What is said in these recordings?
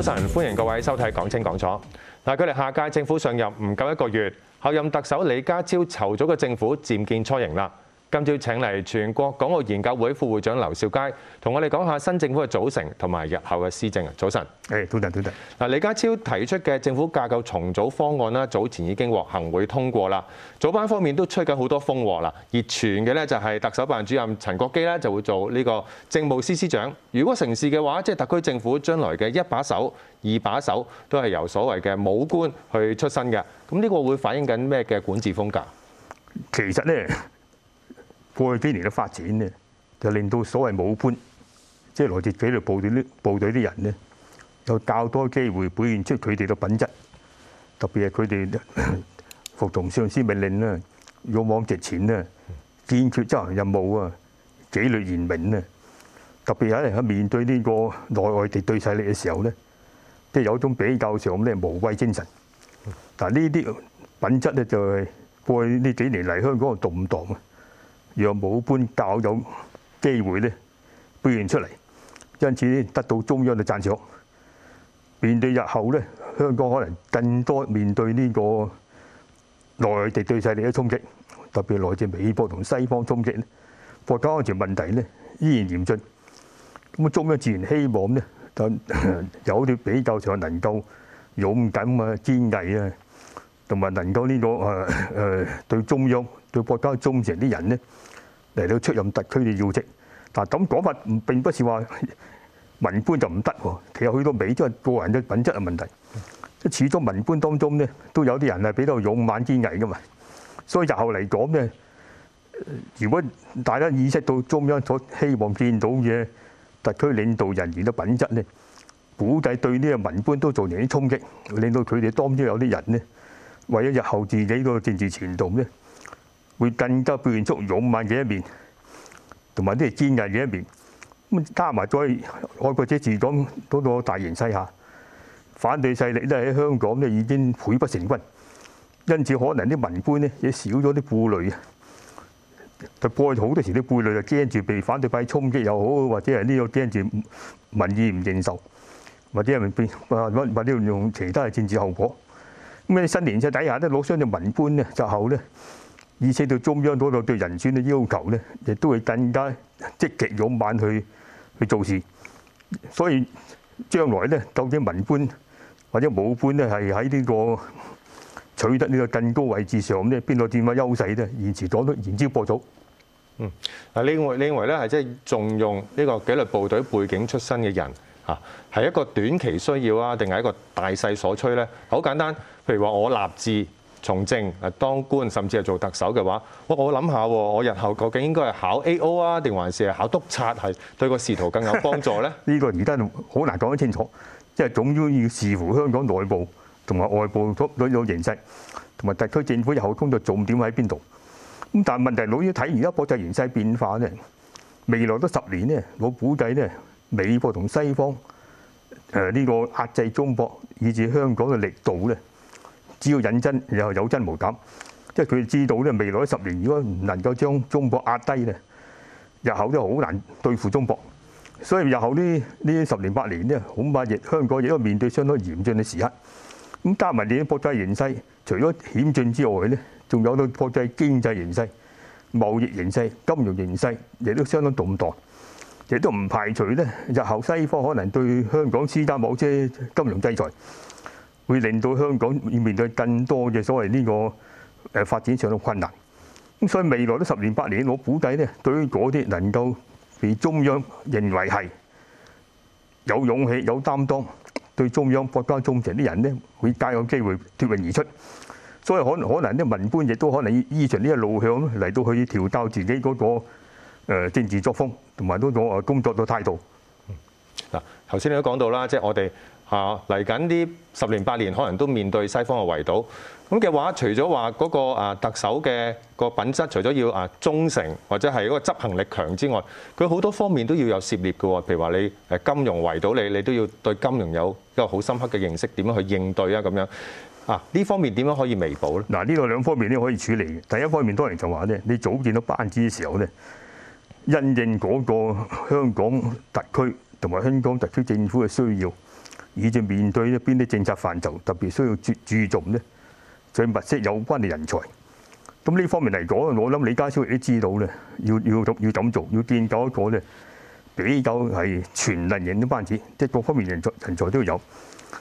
早晨，歡迎各位收睇《講清講楚》。嗱，距離下屆政府上任唔夠一個月，候任特首李家超籌組嘅政府漸見雛形啦。今朝請嚟全國港澳研究會副會長劉兆佳，同我哋講下新政府嘅組成同埋日後嘅施政啊！早晨，誒，早晨，早晨。嗱，李家超提出嘅政府架構重組方案啦，早前已經獲行會通過啦。早班方面都吹緊好多風和啦，熱傳嘅呢就係特首辦主任陳國基咧就會做呢個政務司司長。如果成事嘅話，即係特區政府將來嘅一把手、二把手都係由所謂嘅武官去出身嘅。咁呢個會反映緊咩嘅管治風格？其實呢。過去幾年嘅發展咧，就令到所謂武官，即、就、係、是、來自紀律部隊啲部隊啲人咧，有較多機會表現出佢哋嘅品質。特別係佢哋服從上司命令咧，勇往直前咧，堅決執行任務啊，紀律嚴明啊。特別喺人喺面對呢個內外敵對勢力嘅時候咧，即係有種比較上咧無畏精神。但呢啲品質咧就係過去呢幾年嚟香港度動蕩啊。讓武官教有機會咧表現出嚟，因此得到中央嘅讚賞。面對日後咧，香港可能更多面對呢個內地對勢力嘅衝擊，特別來自美國同西方衝擊，國家安全問題咧依然嚴峻。咁中央自然希望咧、呃、有啲比較上能夠勇敢啊、堅毅啊，同埋能夠呢、這個誒誒、呃、對中央。國家的忠誠啲人咧，嚟到出任特區嘅要職。但咁講法唔並不是話民官就唔得喎。其實去到尾都係個人嘅品質嘅問題。即始終民官當中咧都有啲人係比較勇猛堅毅噶嘛，所以日後嚟講咧，如果大家意識到中央所希望見到嘅特區領導人員嘅品質咧，估計對呢個民官都造成啲衝擊，令到佢哋當中有啲人咧為咗日後自己個政治前途咧。會更加表現出勇猛嘅一面，同埋啲係堅硬嘅一面。咁加埋再愛國者治港嗰個大形勢下，反對勢力都喺香港咧已經潰不成軍，因此可能啲民官呢，亦少咗啲顧慮啊。佢過去好多時啲顧慮就驚住被反對派衝擊又好，或者係呢個驚住民意唔認受，或者係變啊或者用其他政治後果。咁喺新年即底下都攞傷咗民官呢，就好咧。而且對中央嗰個對人選嘅要求咧，亦都會更加積極勇猛去去做事。所以將來咧，究竟文官或者武官咧，係喺呢個取得呢個更高位置上咧，邊個佔咗優勢咧？延遲黨都延燒播早。嗯，嗱，你認為你認為咧，係即係重用呢個紀律部隊背景出身嘅人，嚇係一個短期需要啊，定係一個大勢所趨咧？好簡單，譬如話我立志。從政啊，當官甚至係做特首嘅話，我我諗下，我日後究竟應該係考 A.O. 啊，定還是係考督察，係對個仕途更有幫助咧？呢 個而家好難講得清楚，即係總要要視乎香港內部同埋外部所到嘅形勢，同埋特區政府日後工作重點喺邊度。咁但係問題老要睇而家國際形勢變化咧，未來都十年呢，我估計呢美國同西方誒呢個壓制中國以至香港嘅力度咧。只要引真，然後有真無假，即係佢知道咧。未來十年如果唔能夠將中國壓低咧，日後都好難對付中國。所以日後呢呢十年八年呢，恐怕亦香港亦都面對相當嚴峻嘅時刻。咁加埋啲國際形勢，除咗險峻之外呢，仲有到國際經濟形勢、貿易形勢、金融形勢，亦都相當動盪。亦都唔排除呢日後西方可能對香港施加某些金融制裁。會令到香港要面對更多嘅所謂呢個誒發展上嘅困難，咁所以未來都十年八年，我估計咧，對於嗰啲能夠被中央認為係有勇氣、有擔當，對中央國家忠誠啲人咧，會更有機會脱穎而出。所以可可能呢，民官亦都可能依循呢個路向，嚟到去調教自己嗰個政治作風同埋嗰個工作嘅態度。嗯。嗱，頭先你都講到啦，即係我哋。啊！嚟緊呢十年八年，可能都面對西方嘅圍堵咁嘅話，除咗話嗰個啊特首嘅個品質，除咗要啊忠誠或者係嗰個執行力強之外，佢好多方面都要有涉獵嘅喎。譬如話你誒金融圍堵你，你都要對金融有一個好深刻嘅認識，點樣去應對啊？咁樣啊呢方面點樣可以彌補咧？嗱，呢個兩方面都可以處理嘅。第一方面，當然就話咧，你早見到班子嘅時候咧，因應嗰個香港特區同埋香港特區政府嘅需要。以致面對邊啲政策範疇特別需要注注重咧，就物色有關嘅人才。咁呢方面嚟講，我諗李家超亦都知道咧，要要要噉做，要建構一個咧比較係全能型嘅班子，即係各方面人才人才都有。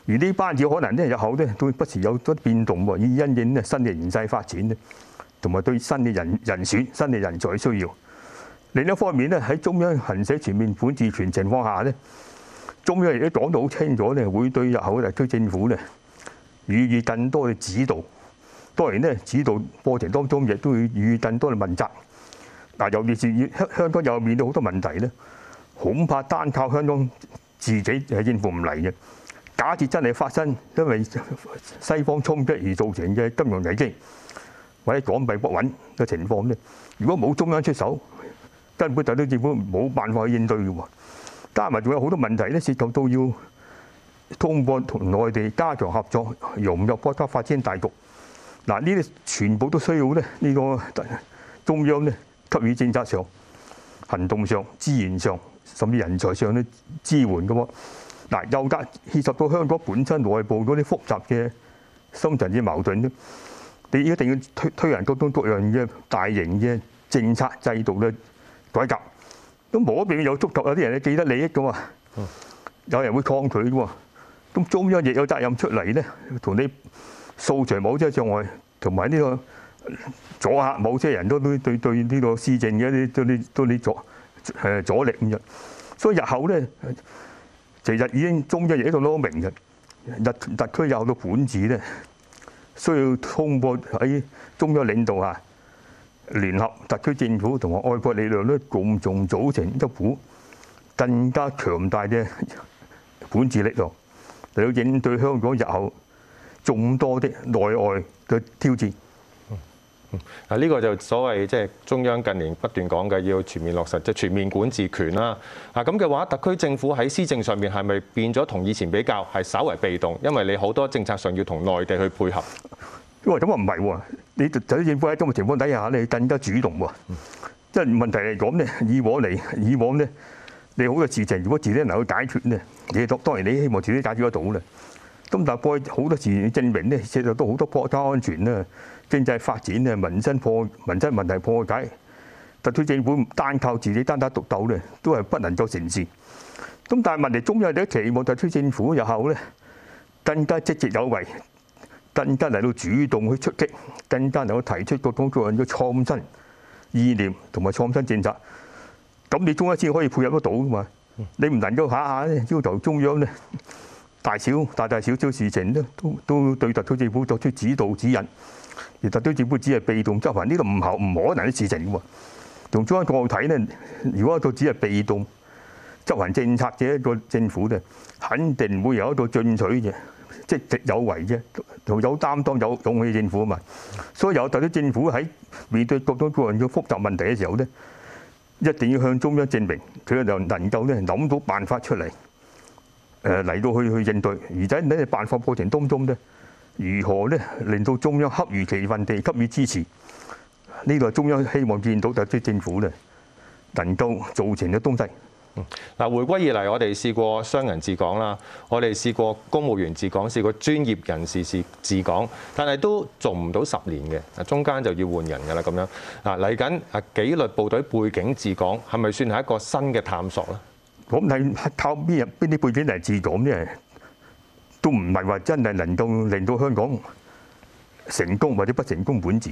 而呢班子可能咧日後咧都會不時有啲變動，以因應咧新嘅形勢發展咧，同埋對新嘅人人選、新嘅人才需要。另一方面咧，喺中央行使全面管治權情況下咧。中央亦都講到好清楚咧，會對日後嘅特區政府咧予以更多嘅指導。當然咧，指導過程當中亦都會予以更多嘅問責。但係尤其是香香港又面對好多問題咧，恐怕單靠香港自己係應付唔嚟嘅。假設真係發生因為西方衝擊而造成嘅金融危機或者港幣不穩嘅情況咧，如果冇中央出手，根本特區政府冇辦法去應對嘅喎。加埋仲有好多問題咧，涉及到都要通過同內地加強合作，融入國家發展大局。嗱，呢啲全部都需要咧，呢個中央咧給予政策上、行動上、資源上甚至人才上咧支援嘅喎。嗱，又得涉及到香港本身內部嗰啲複雜嘅、深層嘅矛盾啫。你一定要推推行各種各樣嘅大型嘅政策制度嘅改革。咁某一邊有觸及有啲人咧，既得利益嘅嘛，有人會抗拒嘅喎，咁中央亦有責任出嚟咧，同你掃除某些障礙，同埋呢個阻嚇某些人都對對呢個施政嘅啲都啲都啲阻、誒阻力咁樣，所以日後咧其實已經中央亦都攞名嘅，特特區有個盤子咧，需要通過喺中央領導下。聯合特區政府同埋愛國力量咧，共同組成一股更加強大嘅管治力度，嚟到應對香港日後眾多的內外嘅挑戰。啊，呢個就所謂即係中央近年不斷講嘅，要全面落實即係全面管治權啦。啊，咁嘅話，特區政府喺施政上面係咪變咗同以前比較係稍為被動？因為你好多政策上要同內地去配合。因為，咁啊唔係喎，你特區政府喺今日情況底下咧，你更加主動喎。即係問題係咁咧，以往嚟，以往咧，你好嘅事情，如果自己能夠解決咧，你當當然你希望自己解決得到啦。咁但係好多時證明咧，事實都好多國家安全啊、經濟發展啊、民生破、民生問題破解，特區政府單靠自己單打獨鬥咧，都係不能夠成事。咁但係問題中央都提，期望特區政府日後咧，更加積極有為，更加嚟到主動去出擊，更加能夠提出各種各樣嘅創新意念同埋創新政策，咁你中央先可以配合得到嘅嘛？你唔能夠下下咧要求中央咧大小，大，小大大小小事情都都都對特區政府作出指導指引，而特區政府只係被動執行呢，這個唔係唔可能嘅事情嘅喎。從中央角度睇咧，如果一個只係被動執行政策嘅一個政府咧，肯定唔會有一個進取嘅。積極有為啫，就有擔當，有勇氣政府啊嘛。所以有特區政府喺面對各種各樣嘅複雜問題嘅時候咧，一定要向中央證明佢就能夠咧諗到辦法出嚟，誒、呃、嚟到去去應對。而喺呢個辦法過程當中咧，如何咧令到中央恰如其分地給予支持？呢、這個中央希望見到特區政府咧能夠做成嘅東西。嗱，回歸以嚟，我哋試過商人治港啦，我哋試過公務員治港，試過專業人士治港，但係都做唔到十年嘅，嗱，中間就要換人㗎啦。咁樣嗱嚟緊啊，紀律部隊背景治港，係咪算係一個新嘅探索咧？咁你靠邊邊啲背景嚟治港咧，都唔係話真係能夠令到香港成功或者不成功，本治，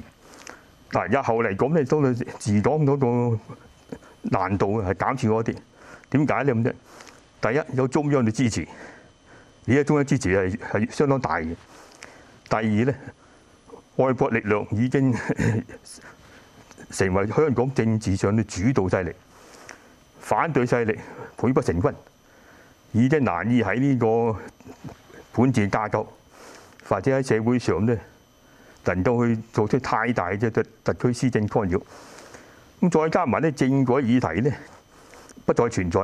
但係家後嚟講咧，都係治港嗰個難度係減少咗啲。點解咧？咁啫，第一有中央嘅支持，而家中央支持係係相當大嘅。第二咧，愛國力量已經成為香港政治上嘅主導勢力，反對勢力潰不成軍，已經難以喺呢個本治架構或者喺社會上咧能夠去做出太大嘅特特區施政干擾。咁再加埋咧政改議題咧，不再存在，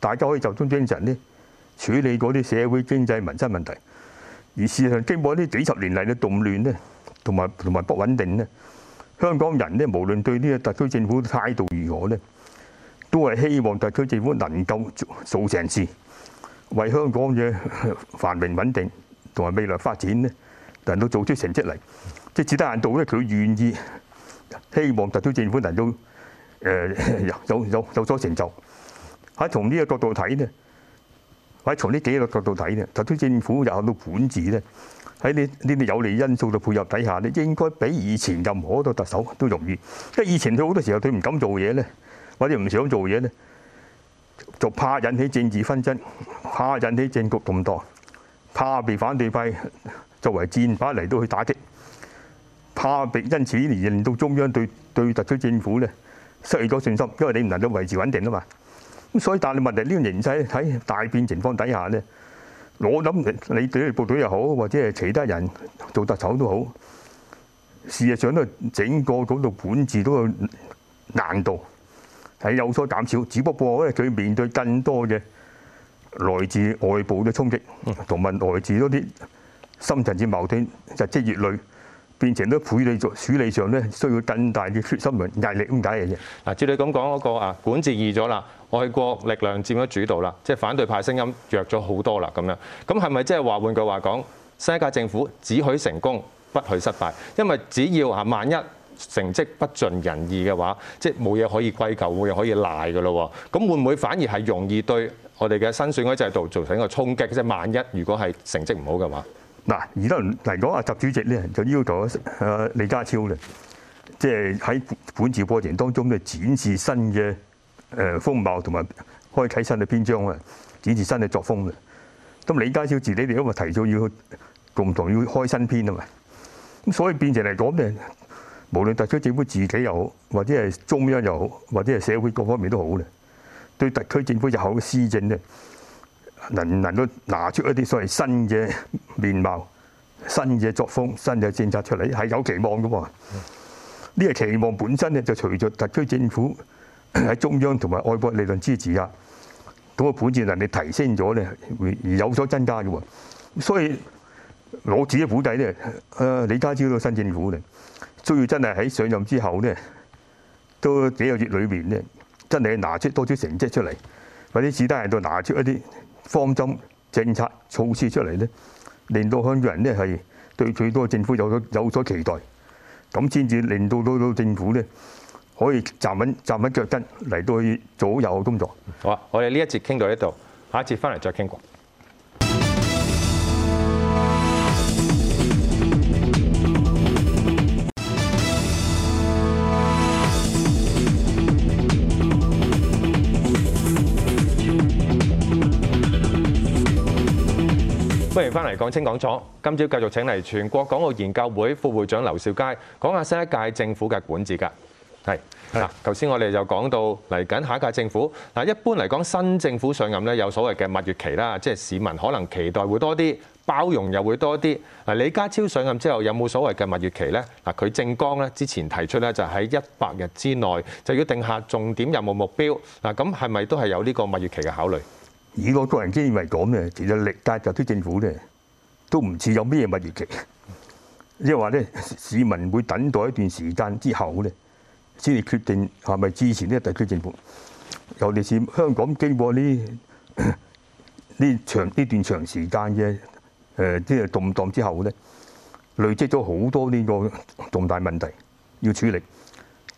大家可以集中精神呢處理嗰啲社會經濟民生問題，而事實上經過呢幾十年嚟嘅動亂呢，同埋同埋不穩定呢，香港人呢無論對呢個特區政府態度如何呢，都係希望特區政府能夠做，做成事，為香港嘅繁榮穩定同埋未來發展呢能夠做出成績嚟。即係只得眼睹呢，佢願意希望特區政府能夠誒、呃、有有有，有所成就。喺從呢個角度睇咧，喺從呢幾個角度睇呢，特區政府又到本治，呢喺呢呢啲有利因素嘅配合底下咧，應該比以前任何一個特首都容易。即係以前佢好多時候佢唔敢做嘢呢，或者唔想做嘢呢就怕引起政治紛爭，怕引起政局動盪，怕被反對派作為戰把嚟到去打擊，怕被因此而令到中央對對特區政府呢失去咗信心，因為你唔能夠維持穩定啊嘛。所以但係問題呢個形勢喺大變情況底下咧，我諗你對部隊又好，或者係其他人做特首都好，事實上都係整個嗰度管治都有難度，係有所減少。只不過咧，佢面對更多嘅來自外部嘅衝擊，同埋來自多啲深層次矛盾日積月累。變成都處理上、處理上咧需要更大嘅決心同毅力，點解嘅啫？嗱，照你咁講嗰個啊，管治易咗啦，外國力量佔咗主導啦，即係反對派聲音弱咗好多啦，咁樣，咁係咪即係話換句話講，新一屆政府只許成功不許失敗？因為只要啊，萬一成績不盡人意嘅話，即係冇嘢可以歸咎，又可以賴嘅咯喎，咁會唔會反而係容易對我哋嘅新選舉制度造成一個衝擊？即係萬一如果係成績唔好嘅話？嗱，而家嚟講，阿習主席咧就要求誒李家超咧，即係喺本次過程當中咧展示新嘅誒風貌同埋開啓新嘅篇章啊，展示新嘅作風啊。咁李家超自己哋都話提早要共同要開新篇啊嘛。咁所以變成嚟講咧，無論特區政府自己又好，或者係中央又好，或者係社會各方面都好咧，對特區政府日後嘅施政咧，能唔能夠拿出一啲所謂新嘅面貌、新嘅作風、新嘅政策出嚟，係有期望嘅喎。呢個期望本身咧，就隨著特區政府喺中央同埋外部力量支持下，嗰個本質能力提升咗咧，會有所增加嘅喎。所以，攞自己苦底咧，誒李家超到新政府咧，都要真係喺上任之後咧，都幾個月裏面咧，真係拿出多啲成績出嚟，或者啲紙單度拿出一啲。方針政策措施出嚟咧，令到香港人咧係對最多政府有所有所期待，咁先至令到多到政府咧可以站穩站穩腳跟嚟到去左右工作。好啊，我哋呢一節傾到呢度，下一節翻嚟再傾過。翻嚟講清講楚，今朝繼續請嚟全國港澳研究會副會長劉兆佳講下新一屆政府嘅管治㗎。係嗱，頭先我哋就講到嚟緊下一屆政府嗱，一般嚟講新政府上任咧，有所謂嘅蜜月期啦，即係市民可能期待會多啲，包容又會多啲。嗱，李家超上任之後有冇所謂嘅蜜月期咧？嗱，佢政綱咧之前提出咧就喺一百日之內就要定下重點任務目標。嗱，咁係咪都係有呢個蜜月期嘅考慮？以我個人經驗嚟講咧，其實歷屆特區政府咧都唔似有咩蜜月期，即係話咧市民會等待一段時間之後咧，先至決定係咪支持呢個特區政府。尤其是香港經過呢呢長呢段長時間嘅誒即係動盪之後咧，累積咗好多呢個重大問題要處理，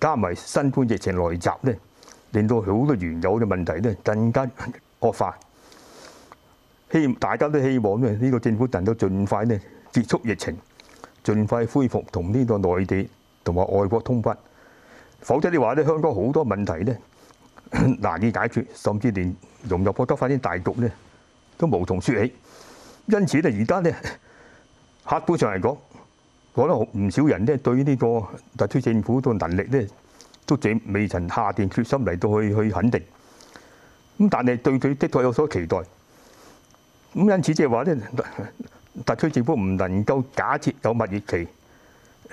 加埋新冠疫情來襲咧，令到好多原有嘅問題咧更加惡化。希大家都希望咧，呢個政府能夠盡快咧結束疫情，盡快恢復同呢個內地同埋外國通關。否則的話咧，香港好多問題咧難以解決，甚至連融入國家發展大局咧都無從説起。因此咧，而家咧客觀上嚟講，可能唔少人咧對於呢個特區政府嘅能力咧都未曾下定決心嚟到去去肯定。咁但係對佢的確有所期待。咁因此即係話咧，特區政府唔能夠假設有蜜月期，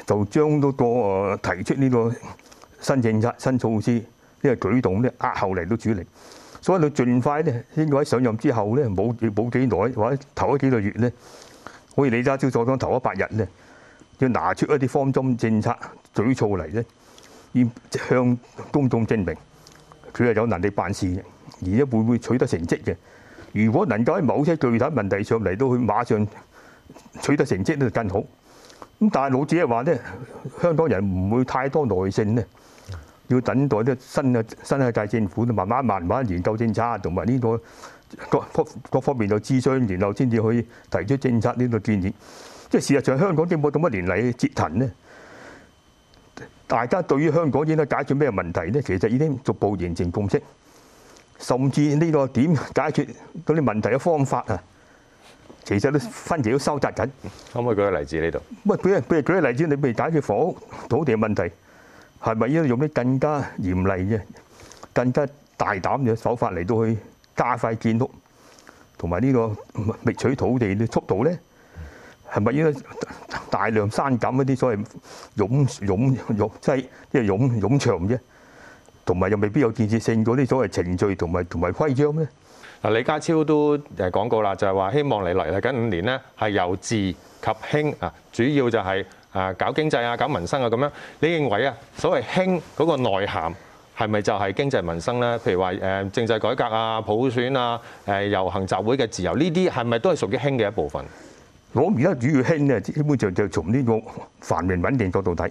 就將呢、那個提出呢個新政策、新措施呢個舉動咧壓後嚟到主理，所以佢盡快咧，應該喺上任之後咧冇冇幾耐或者頭一幾個月咧，好似李家超所講頭一百日咧，要拿出一啲方針政策舉措嚟咧，要向公眾證明佢係有能力辦事，而且會唔會取得成績嘅？如果能夠喺某些具體問題上嚟到去馬上取得成績咧，更好。咁但係老子又話咧，香港人唔會太多耐性咧，要等待啲新嘅新嘅一屆政府慢慢慢慢研究政策，同埋呢個各各方面嘅諮詢然後先至去提出政策呢個建議。即係事實上，香港政府咁嘅年嚟折騰咧，大家對於香港應該解決咩問題咧，其實已經逐步形成共識。甚至呢個點解決嗰啲問題嘅方法啊，其實都分別都收集緊。可唔可以舉個例子呢度？喂，舉，譬如舉個例子，你未解決房屋土地嘅問題，係咪應該用啲更加嚴厲嘅、更加大膽嘅手法嚟到去加快建築同埋呢個覓取土地嘅速度咧？係咪應該大量刪減一啲所謂擁擁擁擠即係擁擁牆啫？同埋又未必有建設性嗰啲所謂程序同埋同埋規章咩？嗱，李家超都誒講過啦，就係話希望你嚟啦，嚟緊五年咧係由治及興啊，主要就係啊搞經濟啊，搞民生啊咁樣。你認為啊，所謂興嗰個內涵係咪就係經濟民生咧？譬如話誒政制改革啊、普選啊、誒遊行集會嘅自由呢啲係咪都係屬於興嘅一部分？我而家主要興咧，基本上就從呢個繁榮穩定角度睇，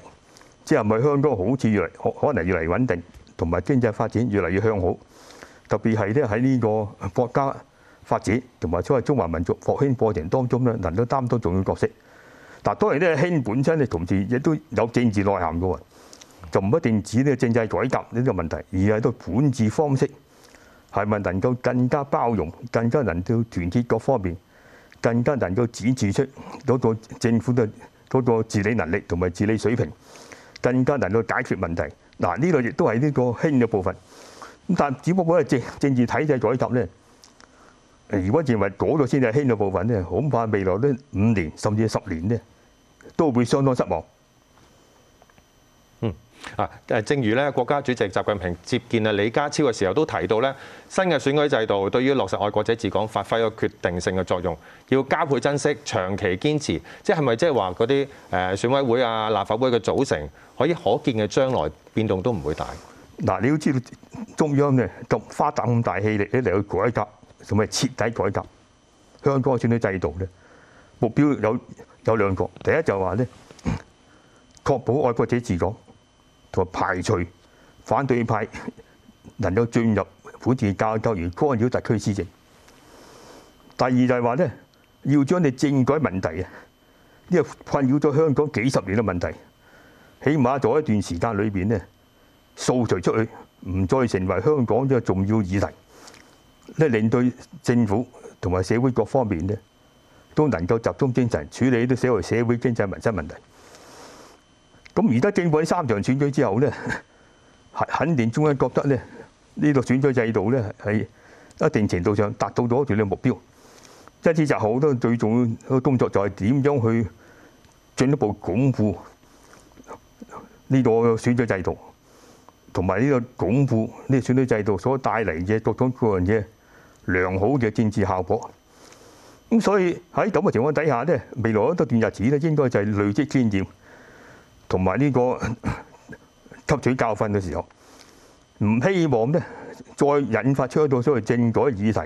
即係咪香港好似越嚟可可能越嚟越穩定？同埋經濟發展越嚟越向好，特別係咧喺呢個國家發展同埋所謂中華民族復興過程當中咧，能夠擔當重要角色。但當然咧，興本身嘅同志亦都有政治內涵嘅，就唔一定指呢個政制改革呢啲問題，而係喺度管治方式係咪能夠更加包容、更加能夠團結各方面、更加能夠指示出嗰個政府嘅嗰個治理能力同埋治理水平，更加能夠解決問題。嗱，呢個亦都係呢個輕嘅部分，但只不過政治體制改革咧。如果認為嗰個先係輕嘅部分咧，恐怕未來咧五年甚至十年咧，都會相當失望。嗯啊，誒正如咧，國家主席習近平接見啊李家超嘅時候都提到咧，新嘅選舉制度對於落實愛國者治港發揮咗決定性嘅作用，要加倍珍惜，長期堅持。即係咪即係話嗰啲誒選委會啊、立法會嘅組成，可以可見嘅將來變動都唔會大。嗱，你要知道中央咧咁花咁大氣力咧嚟去改革同埋徹底改革香港嘅選舉制度咧，目標有有兩個，第一就係話咧，確保愛國者治港。排除反對派能夠進入本地教教員，干擾特區施政。第二就係話咧，要將啲政改問題啊，呢個困擾咗香港幾十年嘅問題，起碼在一段時間裏邊，呢掃除出去，唔再成為香港嘅重要議題，咧令到政府同埋社會各方面呢都能夠集中精神處理啲社會社會經濟民生問題。咁而家政府喺三場選舉之後咧，肯肯定中央覺得咧呢個選舉制度咧喺一定程度上達到咗一段嘅目標。因此就好，多最重要嘅工作就係點樣去進一步鞏固呢個選舉制度，同埋呢個鞏固呢個選舉制度所帶嚟嘅各種各樣嘅良好嘅政治效果。咁所以喺咁嘅情況底下咧，未來一段日子咧應該就係累積經驗。同埋呢個吸取教訓嘅時候，唔希望咧再引發出一套所謂政改議題，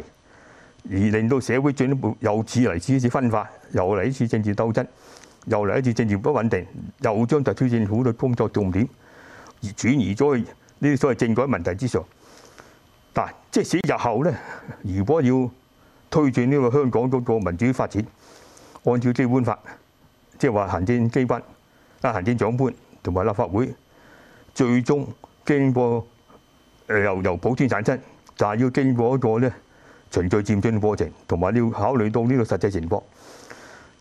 而令到社會進一步由此嚟次次分化，又嚟一次政治鬥爭，又嚟一次政治不穩定，又將就推進好多工作重點而轉移咗去呢啲所謂政改問題之上。但即使日後咧，如果要推進呢個香港嗰個民主發展，按照基本法，即係話行政機關。行政長官同埋立法會最終經過誒，由由普選產生，就係、是、要經過一個咧循序漸進嘅過程，同埋你要考慮到呢個實際情況。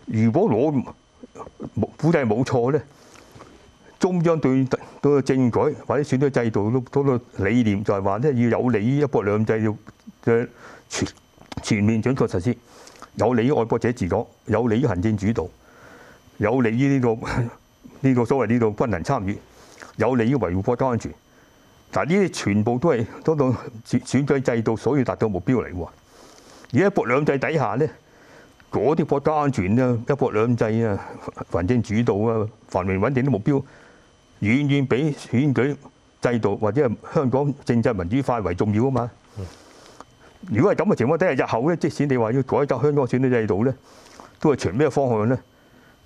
如果我估計冇錯咧，中央對個政改或者選舉制度都多個理念，就係話咧要有利於一國兩制要嘅全全面準確實施，有利於愛國者治港，有利於行政主導，有利於呢個。呢、呢個所謂呢度軍民參與，有利於維護國家安全。但係，呢啲全部都係多到選舉制度所要達到的目標嚟喎。而一國兩制底下咧，嗰啲國家安全啊、一國兩制啊、行政主導啊、繁榮穩定啲目標，遠遠比選舉制度或者係香港政制民主化為重要啊嘛。如果係咁嘅情況底下，日後咧，即使你話要改革香港選舉制度咧，都係循咩方向咧？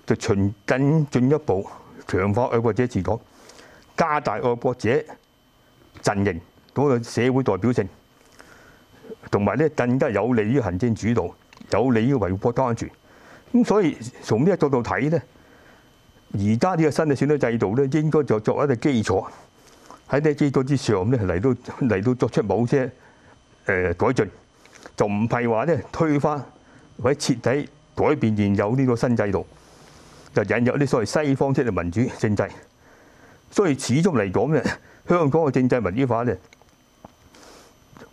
就循進進一步。強化愛國者治港，加大愛國者陣營嗰、那個社會代表性，同埋咧更加有利於行政主導，有利於維護國家安全。咁所以從呢一個角度睇咧，而家呢個新嘅選舉制度咧，應該就作為一個基礎。喺呢個基礎之上咧，嚟到嚟到作出某些誒、呃、改進，就唔係話咧推翻，或者徹底改變現有呢個新制度，就引入啲所謂西方式嘅民主政制，所以始終嚟講咧，香港嘅政制民主化咧，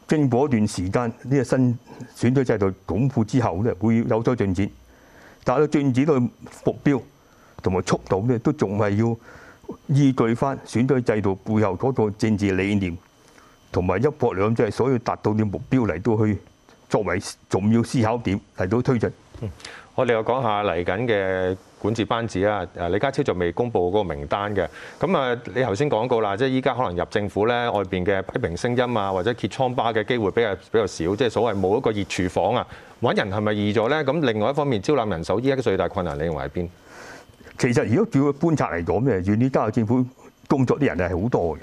經過一段時間呢個新選舉制度鞏固之後咧，會有所進展，但係個進展嘅目標同埋速度咧，都仲係要依據翻選舉制度背後嗰個政治理念同埋一國兩制，所要達到嘅目標嚟到去作為重要思考點嚟到推進。嗯，我哋又講下嚟緊嘅。管治班子啊，誒李家超就未公布嗰個名單嘅。咁啊，你頭先講過啦，即係依家可能入政府咧，外邊嘅批評聲音啊，或者揭瘡疤嘅機會比較比較少，即係所謂冇一個熱廚房啊，揾人係咪易咗咧？咁另外一方面，招攬人手依家嘅最大困難，你認為喺邊？其實如果主要觀察嚟講咧，現依家政府工作啲人係好多嘅，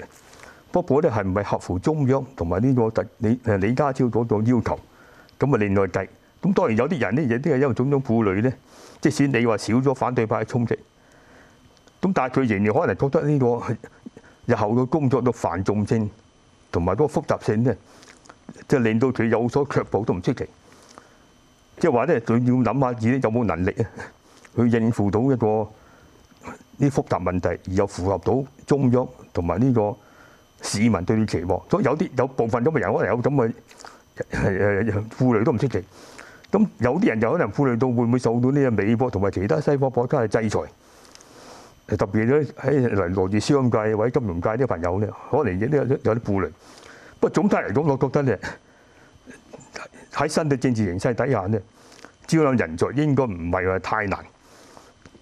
不過咧係唔係合乎中央同埋呢個特李誒李家超嗰個要求，咁啊另外計，咁當然有啲人呢，亦都係因為種種顧慮咧。即使你話少咗反對派嘅衝擊，咁但係佢仍然可能覺得呢個日後嘅工作嘅繁重性同埋個複雜性咧，即係令到佢有所卻步都唔出奇。即係話咧，佢要諗下自己有冇能力去應付到一個呢複雜問題，而又符合到中央同埋呢個市民對佢期望。所以有啲有部分咁嘅人，可能有咁嘅負累都唔出奇。咁有啲人就可能顧慮到會唔會受到呢個美國同埋其他西方國家嘅制裁，特別咧係嚟來自商界或者金融界啲朋友咧，可能有啲有啲顧慮。不過總體嚟講，我覺得咧喺新嘅政治形勢底下咧，招攬人才應該唔係話太難。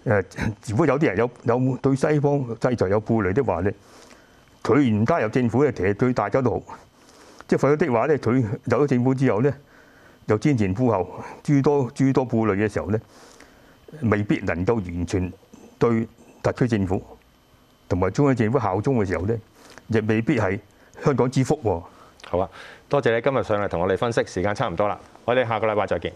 誒，如果有啲人有有對西方制裁有顧慮的話咧，佢唔加入政府咧其實對大家都好，即係否則的話咧，佢有咗政府之後咧。有瞻前顧後諸多諸多顧慮嘅時候咧，未必能夠完全對特區政府同埋中央政府效忠嘅時候咧，亦未必係香港之福，啊。好啊，多謝你今日上嚟同我哋分析，時間差唔多啦，我哋下個禮拜再見。